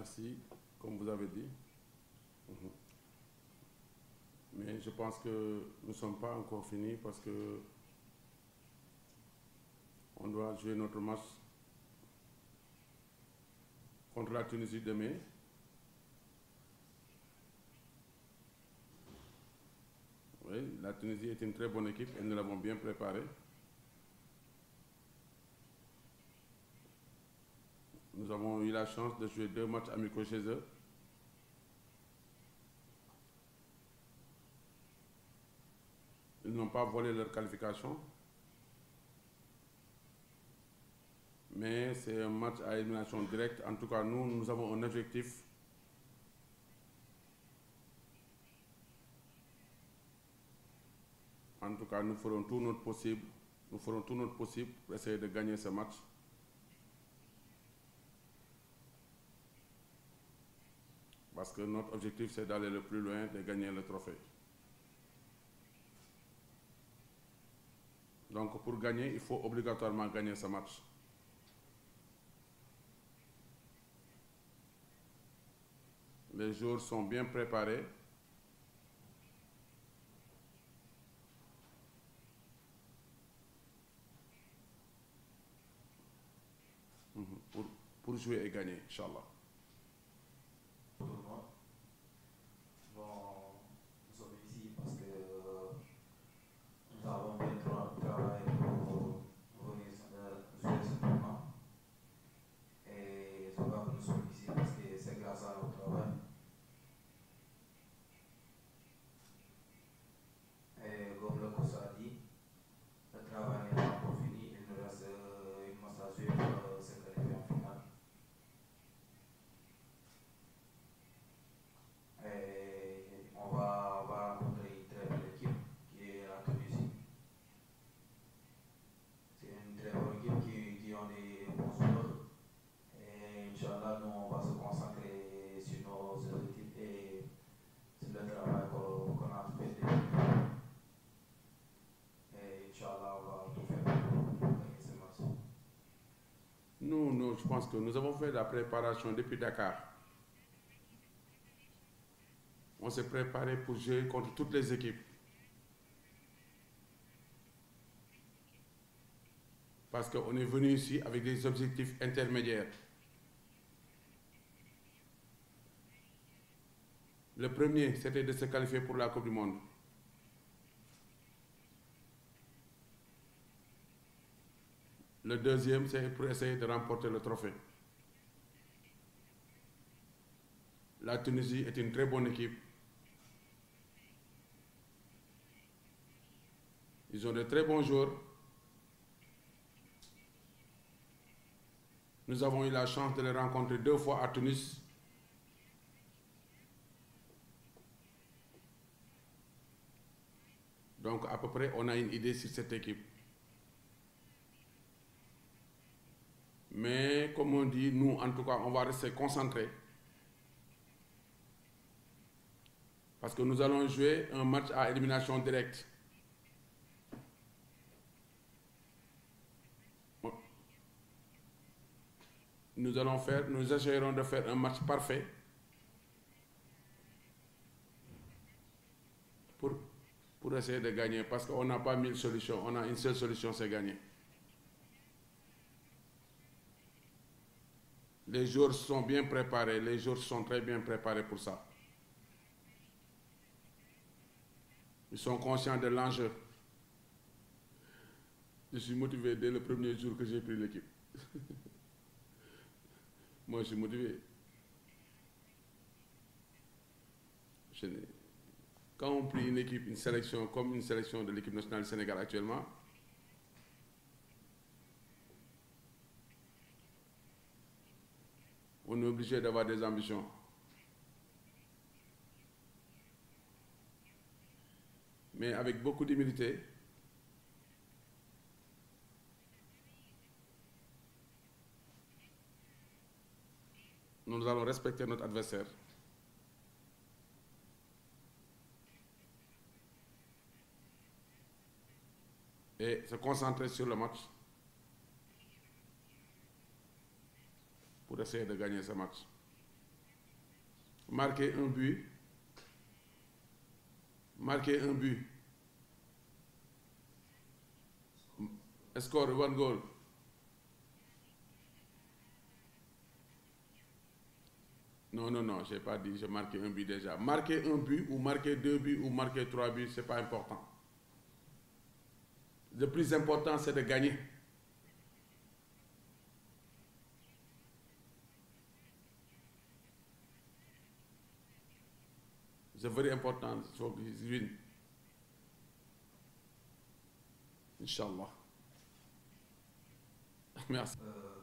merci, comme vous avez dit. Mhm. Mais je pense que nous ne sommes pas encore finis parce que on doit jouer notre match contre la Tunisie demain. Oui, la Tunisie est une très bonne équipe et nous l'avons bien préparée. Nous avons eu la chance de jouer deux matchs amicaux chez eux. Ils n'ont pas volé leur qualification. Mais c'est un match à élimination directe. En tout cas, nous, nous avons un objectif. En tout cas, nous ferons tout notre possible. Nous ferons tout notre possible pour essayer de gagner ce match. parce que notre objectif, c'est d'aller le plus loin, de gagner le trophée. Donc pour gagner, il faut obligatoirement gagner ce match. Les joueurs sont bien préparés. Mhm. Pour, pour jouer et gagner, Inch'Allah. je pense que nous avons fait la préparation depuis Dakar. On s'est préparé pour jouer contre toutes les équipes. Parce qu'on est venu ici avec des objectifs intermédiaires. Le premier, c'était de se qualifier pour la Coupe du Monde. Le deuxième, c'est pour essayer de remporter le trophée. La Tunisie est une très bonne équipe. Ils ont de très bons joueurs. Nous avons eu la chance de les rencontrer deux fois à Tunis. Donc à peu près, on a une idée sur cette équipe. Mais comme on dit, nous, en tout cas, on va rester concentrés. Parce que nous allons jouer un match à élimination directe. Nous allons faire, nous essayerons de faire un match parfait pour, pour essayer de gagner. Parce qu'on n'a pas mille solutions, on a une seule solution, c'est gagner. Les joueurs sont bien préparés, les joueurs sont très bien préparés pour ça. Ils sont conscients de l'enjeu. Je suis motivé dès le premier jour que j'ai pris l'équipe. Moi, je suis motivé. Quand on prie une équipe, une sélection comme une sélection de l'équipe nationale du Sénégal actuellement, on est obligé d'avoir des ambitions. Mais avec beaucoup d'humilité, nous allons respecter notre adversaire. Et se concentrer sur le match essayer de gagner ce match. Marquer un but, marquer un but, score one goal. Non, non, non, je n'ai pas dit, j'ai marqué un but déjà. Marquer un but ou marquer deux buts ou marquer trois buts, ce n'est pas important. Le plus important, c'est de gagner. C'est très important job he's doing. Inshallah. Merci. Euh,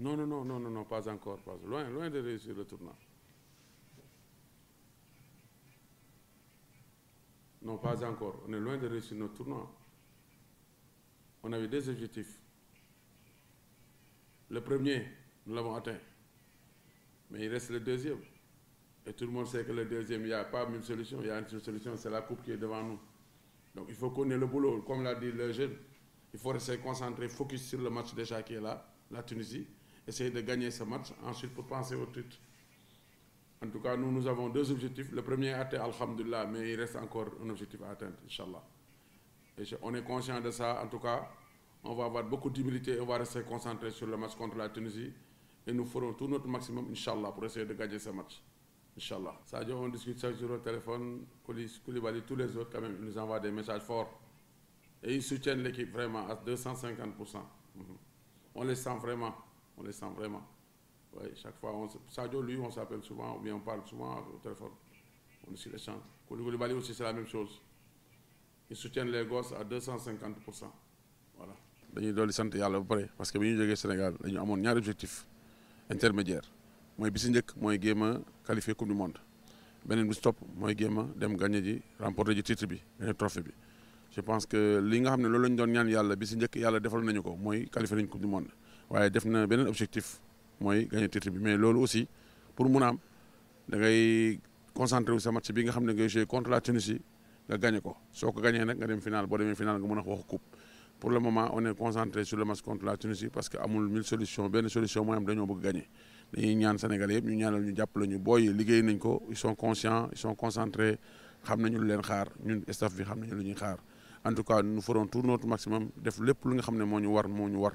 Non, non, non, non, non, pas encore. Pas, loin, loin de réussir le tournoi. Non, pas encore. On est loin de réussir notre tournoi. On avait deux objectifs. Le premier, nous l'avons atteint. Mais il reste le deuxième. Et tout le monde sait que le deuxième, il n'y a pas une solution, Il y a une solution, c'est la coupe qui est devant nous. Donc il faut qu'on ait le boulot. Comme l'a dit le jeune, il faut rester concentré, focus sur le match déjà qui est là, la Tunisie essayer de gagner ce match, ensuite pour penser au titre. En tout cas, nous, nous avons deux objectifs. Le premier a été Alhamdulillah, mais il reste encore un objectif à atteindre, Inch'Allah. Et on est conscient de ça. En tout cas, on va avoir beaucoup d'humilité et on va rester concentré sur le match contre la Tunisie. Et nous ferons tout notre maximum, Inch'Allah, pour essayer de gagner ce match. Inch'Allah. Sadio, on discute chaque jour au téléphone. Koulibaly, tous les autres, quand même, ils nous envoient des messages forts. Et ils soutiennent l'équipe vraiment à 250%. Mhm. On les sent vraiment on les sent vraiment. Ouais, chaque fois, on, Sadio, lui, on s'appelle souvent, ou bien on parle souvent au téléphone. On est sur les champs. Koulibaly aussi, c'est la même chose. Ils soutiennent les gosses à 250%. Voilà. dañuy dolli les sentir ba pare parce que nous, ñu Sénégal dañu amoon ñaari objectif intermédiaire moi bi si njëkk mooy qualifier coupe du monde ben bi stop moi mooy dem gagner ji remporter ji titre bi trophée bi je pense que li nga xam ne loolu lañ doon ñaan yàlla bi si njëkk qualifier coupe du monde waaye def na beneen objectif mooy gagner titre bi mais loolu aussi pour mun am da ngay concentré wu sa match bi nga xam ne ngay joué contre la Tunisie nga gagné ko soo ko gagné nag nga dem final boo demee final nga mën a wax coupe pour le moment on est concentré sur le match contre la Tunisie parce que amul mille solution benn solution mooy am dañoo bëgg gagner dañuy ñaan Sénégalais yëpp ñu ñaanal ñu jàppale ñu booy liggéey nañ ko ils sont conscients ils sont concentrés xam nañu lu leen xaar ñun staff bi xam nañu lu ñuy xaar en tout cas nous ferons tout notre maximum def lépp lu nga xam ne moo ñu war moo ñu war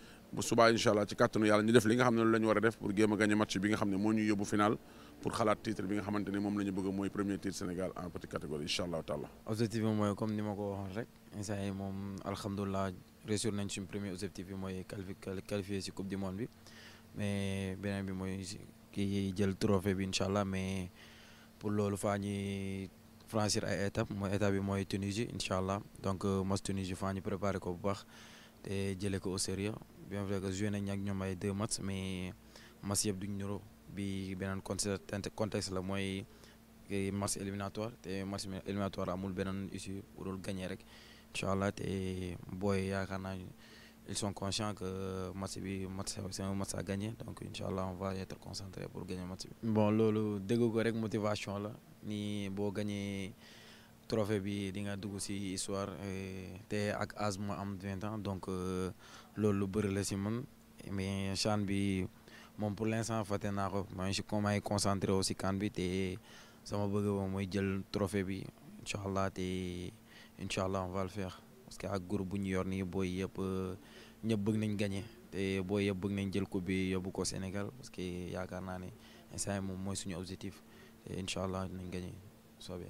bu subaa incha allah ci kàttanu yàlla ñu def li nga xam ne loolu la ñu war a def pour géem a gagné match bi nga xam ne moo ñu yóbbu final pour xalaat titre bi nga xamante ne moom la ñu bëgg mooy premier titre Sénégal en petite catégorie incha allahu taala. objectif bi mooy comme ni ma ko waxoon rek instant moom alhamdulilah réussir nañ suñu premier objectif mooy qualifier si coupe du monde bi mais beneen bi mooy ki jël trophée bi incha allah mais pour loolu faa ñuy franchir ay étape mooy étape bi mooy Tunisie incha allah donc match euh, Tunisie faa ko bu baax te jëlee ko au sérieux bien vrai que joué nañ ak ñom ay deux matchs mais match yëpp duñ niroo bi beneen contexte la moy match éliminatoire té match éliminatoire amul benen issue pour le gagné rek inshallah allah boy booy ils sont conscients que match bi match c'est un match à gagner donc inshallah on va être concentré pour gagner match bi. bon lolu dégg ko rek motivation la ni bo gagner trophée bi di nga dugg ci histoire eh, té ak âge ma am 20 ans donc euh, loolu lu bëri la si man mais CHAN bi moom pour l' instant fàtte naa ko man si comment ay concentré aussi CAN bi te sama bëgg moom mooy jël trophée bi incha allah te incha allah on va le faire parce que ak group bu ñu yor nii booy yëpp ñëpp bëgg nañ gagné te booy yëpp bëgg nañ jël coupe bi yóbbu ko Sénégal parce que yaakaar naa ne instant moom mooy suñu objectif te incha allah nañ gagné soobee